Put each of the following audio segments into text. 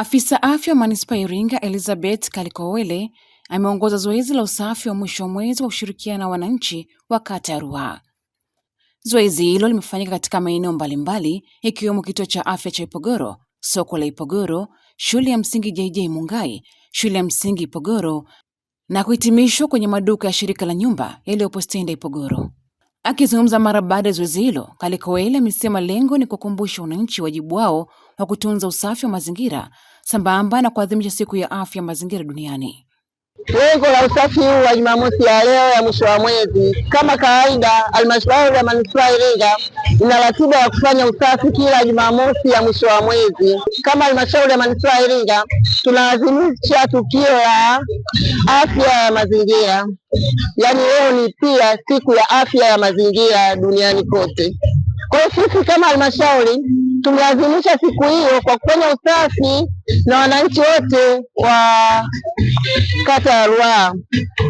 Afisa afya wa manispaa ya Iringa Elizabeth Kalikowele ameongoza zoezi la usafi wa mwisho wa mwezi kwa kushirikiana na wananchi wa kata ya Ruaha. Zoezi hilo limefanyika katika maeneo mbalimbali ikiwemo kituo cha afya cha Ipogoro, soko la Ipogoro, shule ya msingi JJ Mungai, shule ya msingi Ipogoro na kuhitimishwa kwenye maduka ya shirika la nyumba yaliyopo stendi ya Ipogoro. Akizungumza mara baada ya zoezi hilo, Kalikowele amesema lengo ni kuwakumbusha wananchi wajibu wao wa kutunza usafi wa mazingira sambamba na kuadhimisha siku ya afya mazingira duniani. Lengo la usafi huu wa Jumamosi ya leo ya mwisho wa mwezi, kama kawaida, halmashauri ya manispaa Iringa ina ratiba ya kufanya usafi kila Jumamosi ya mwisho wa mwezi. Kama halmashauri ya manispaa Iringa tunaadhimisha tukio la afya ya mazingira, yaani leo ni pia siku ya afya ya mazingira duniani kote. Kwa hiyo sisi kama halmashauri tumlazimisha siku hiyo kwa kufanya usafi na wananchi wote wa kata ya Ruaha.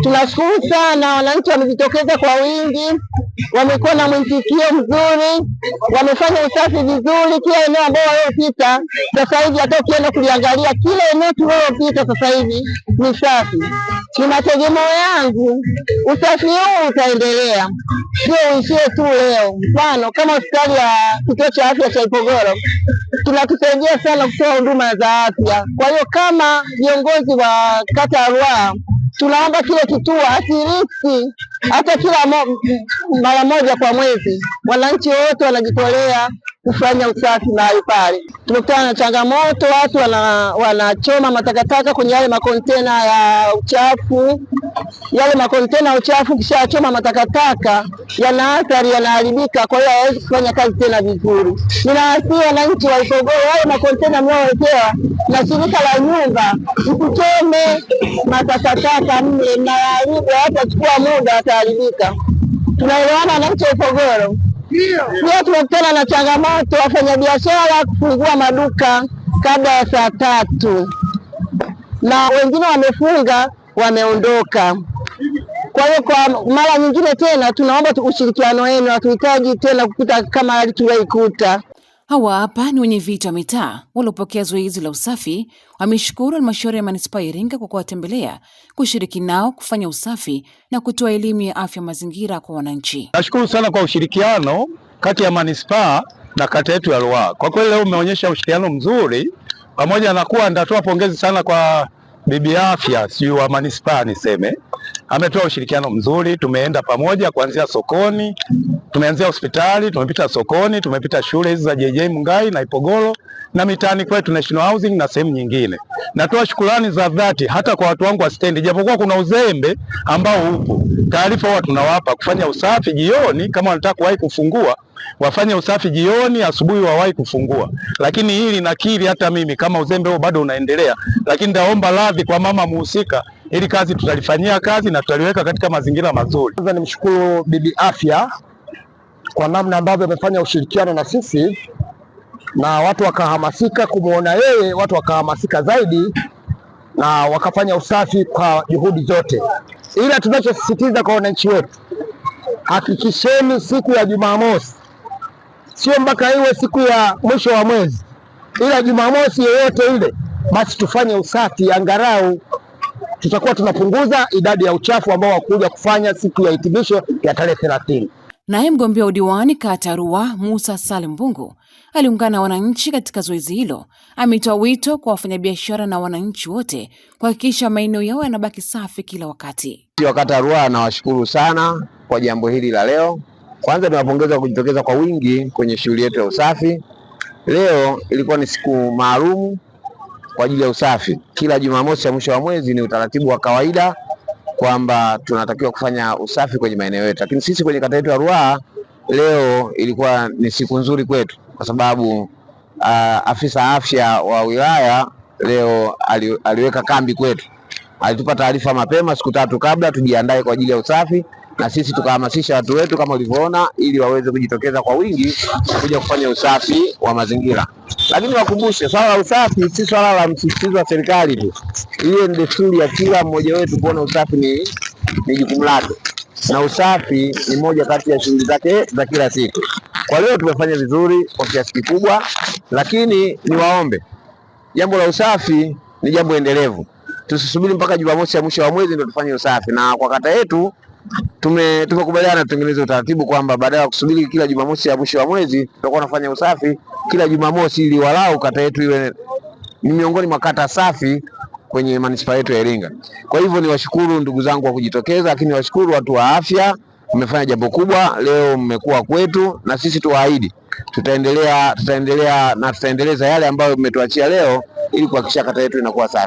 Tunashukuru sana, wananchi wamejitokeza kwa wingi, wamekuwa na mwitikio mzuri, wamefanya usafi vizuri kila eneo ambao waliopita. Sasa hivi hata ukienda kuliangalia kila eneo tulilopita sasa hivi ni safi. Ni mategemeo yangu usafi huu utaendelea, sio uishie tu leo. Mfano kama hospitali ya kituo cha afya cha Ipogoro tunatusaidia sana kutoa huduma za afya. Kwa hiyo kama viongozi wa kata ya Ruaha tunaomba kile kituo asirisi hata kila mo, mara moja kwa mwezi, wananchi wote wanajitolea kufanya usafi mahali pale. Tumekutana na changamoto, watu wanachoma wana matakataka kwenye yale makontena ya uchafu. Yale makontena ya uchafu kishachoma matakataka, yana athari, yanaharibika, kwa hiyo hawezi kufanya kazi tena vizuri. ninawasii wananchi wa Isogoro, wale makontena mnaowekewa na shirika la nyumba, msichome matakataka, mnaharibu, hatachukua muda, ataharibika. Tunaelewana wananchi wa Isogoro? Leo tumekutana na changamoto wafanyabiashara kufungua maduka kabla ya saa tatu, na wengine wamefunga wameondoka. Kwa hiyo kwa mara nyingine tena tunaomba ushirikiano wenu, hatuhitaji tena kukuta kama hali tulioikuta. Hawa hapa ni wenye viti wa mitaa waliopokea zoezi la usafi. Wameshukuru halmashauri ya manispaa ya Iringa kwa kuwatembelea, kushiriki nao kufanya usafi na kutoa elimu ya afya mazingira kwa wananchi. Nashukuru sana kwa ushirikiano kati ya manispaa na kata yetu ya Ruaha. Kwa kweli leo umeonyesha ushirikiano mzuri, pamoja na kuwa ndatoa pongezi sana kwa bibi afya sijui wa manispaa niseme, ametoa ushirikiano mzuri. Tumeenda pamoja kuanzia sokoni, tumeanzia hospitali, tumepita sokoni, tumepita shule hizi za JJ Mungai na Ipogolo na mitaani kwetu National Housing na sehemu nyingine. Natoa shukurani za dhati hata kwa watu wangu wa stendi, japokuwa kuna uzembe ambao upo, taarifa huwa tunawapa kufanya usafi jioni, kama wanataka kuwahi kufungua wafanye usafi jioni, asubuhi wawahi kufungua. Lakini hili nakiri, hata mimi kama uzembe huo bado unaendelea, lakini nitaomba radhi kwa mama muhusika. Ili kazi tutalifanyia kazi na tutaliweka katika mazingira mazuri. Kwanza nimshukuru Bibi Afya kwa namna ambavyo amefanya ushirikiano na sisi na watu wakahamasika kumwona yeye, watu wakahamasika zaidi na wakafanya usafi kwa juhudi zote, ila tunachosisitiza kwa wananchi wetu hakikisheni siku ya Jumamosi sio mpaka iwe siku ya mwisho wa mwezi, ila Jumamosi yoyote ile, basi tufanye usafi angalau tutakuwa tunapunguza idadi ya uchafu ambao wakuja kufanya siku ya hitimisho ya tarehe thelathini. Naye mgombea udiwani kata musa Mussa Salim Mbungu aliungana na wananchi katika zoezi hilo. Ametoa wito kwa wafanyabiashara na wananchi wote kuhakikisha maeneo yao yanabaki safi kila wakati. Wakata Ruaha anawashukuru sana kwa jambo hili la leo. Kwanza tunapongeza kwa kujitokeza kwa wingi kwenye shughuli yetu ya usafi. Leo ilikuwa ni siku maalumu kwa ajili ya usafi. Kila Jumamosi ya mwisho wa mwezi ni utaratibu wa kawaida kwamba tunatakiwa kufanya usafi kwenye maeneo yetu, lakini sisi kwenye kata yetu ya Ruaha leo ilikuwa ni siku nzuri kwetu kwa sababu uh, afisa afya wa wilaya leo ali, aliweka kambi kwetu. Alitupa taarifa mapema siku tatu kabla tujiandae kwa ajili ya usafi na sisi tukahamasisha watu wetu kama ulivyoona, ili waweze kujitokeza kwa wingi kuja kufanya usafi wa mazingira. Lakini wakumbushe, swala la usafi si swala la msisitizo wa serikali tu, hiyo ni desturi ya kila mmoja wetu kuona usafi ni, ni jukumu lake na usafi ni moja kati ya shughuli zake za kila siku. Kwa leo tumefanya vizuri kwa kiasi kikubwa, lakini niwaombe, jambo la usafi ni jambo endelevu. Tusisubiri mpaka Jumamosi ya mwisho wa mwezi ndio tufanye usafi, na kwa kata yetu tume tumekubaliana tutengeneze utaratibu kwamba badala ya kusubiri kila Jumamosi ya mwisho wa mwezi tutakuwa tunafanya usafi kila Jumamosi ili walau kata yetu iwe ni miongoni mwa kata safi kwenye manispaa yetu ya Iringa. Kwa hivyo niwashukuru ndugu zangu kwa kujitokeza, lakini niwashukuru watu wa afya, mmefanya jambo kubwa leo, mmekuwa kwetu na sisi tuwaahidi tutaendelea tutaendelea na tutaendeleza yale ambayo mmetuachia leo ili kuhakikisha kata yetu inakuwa safi.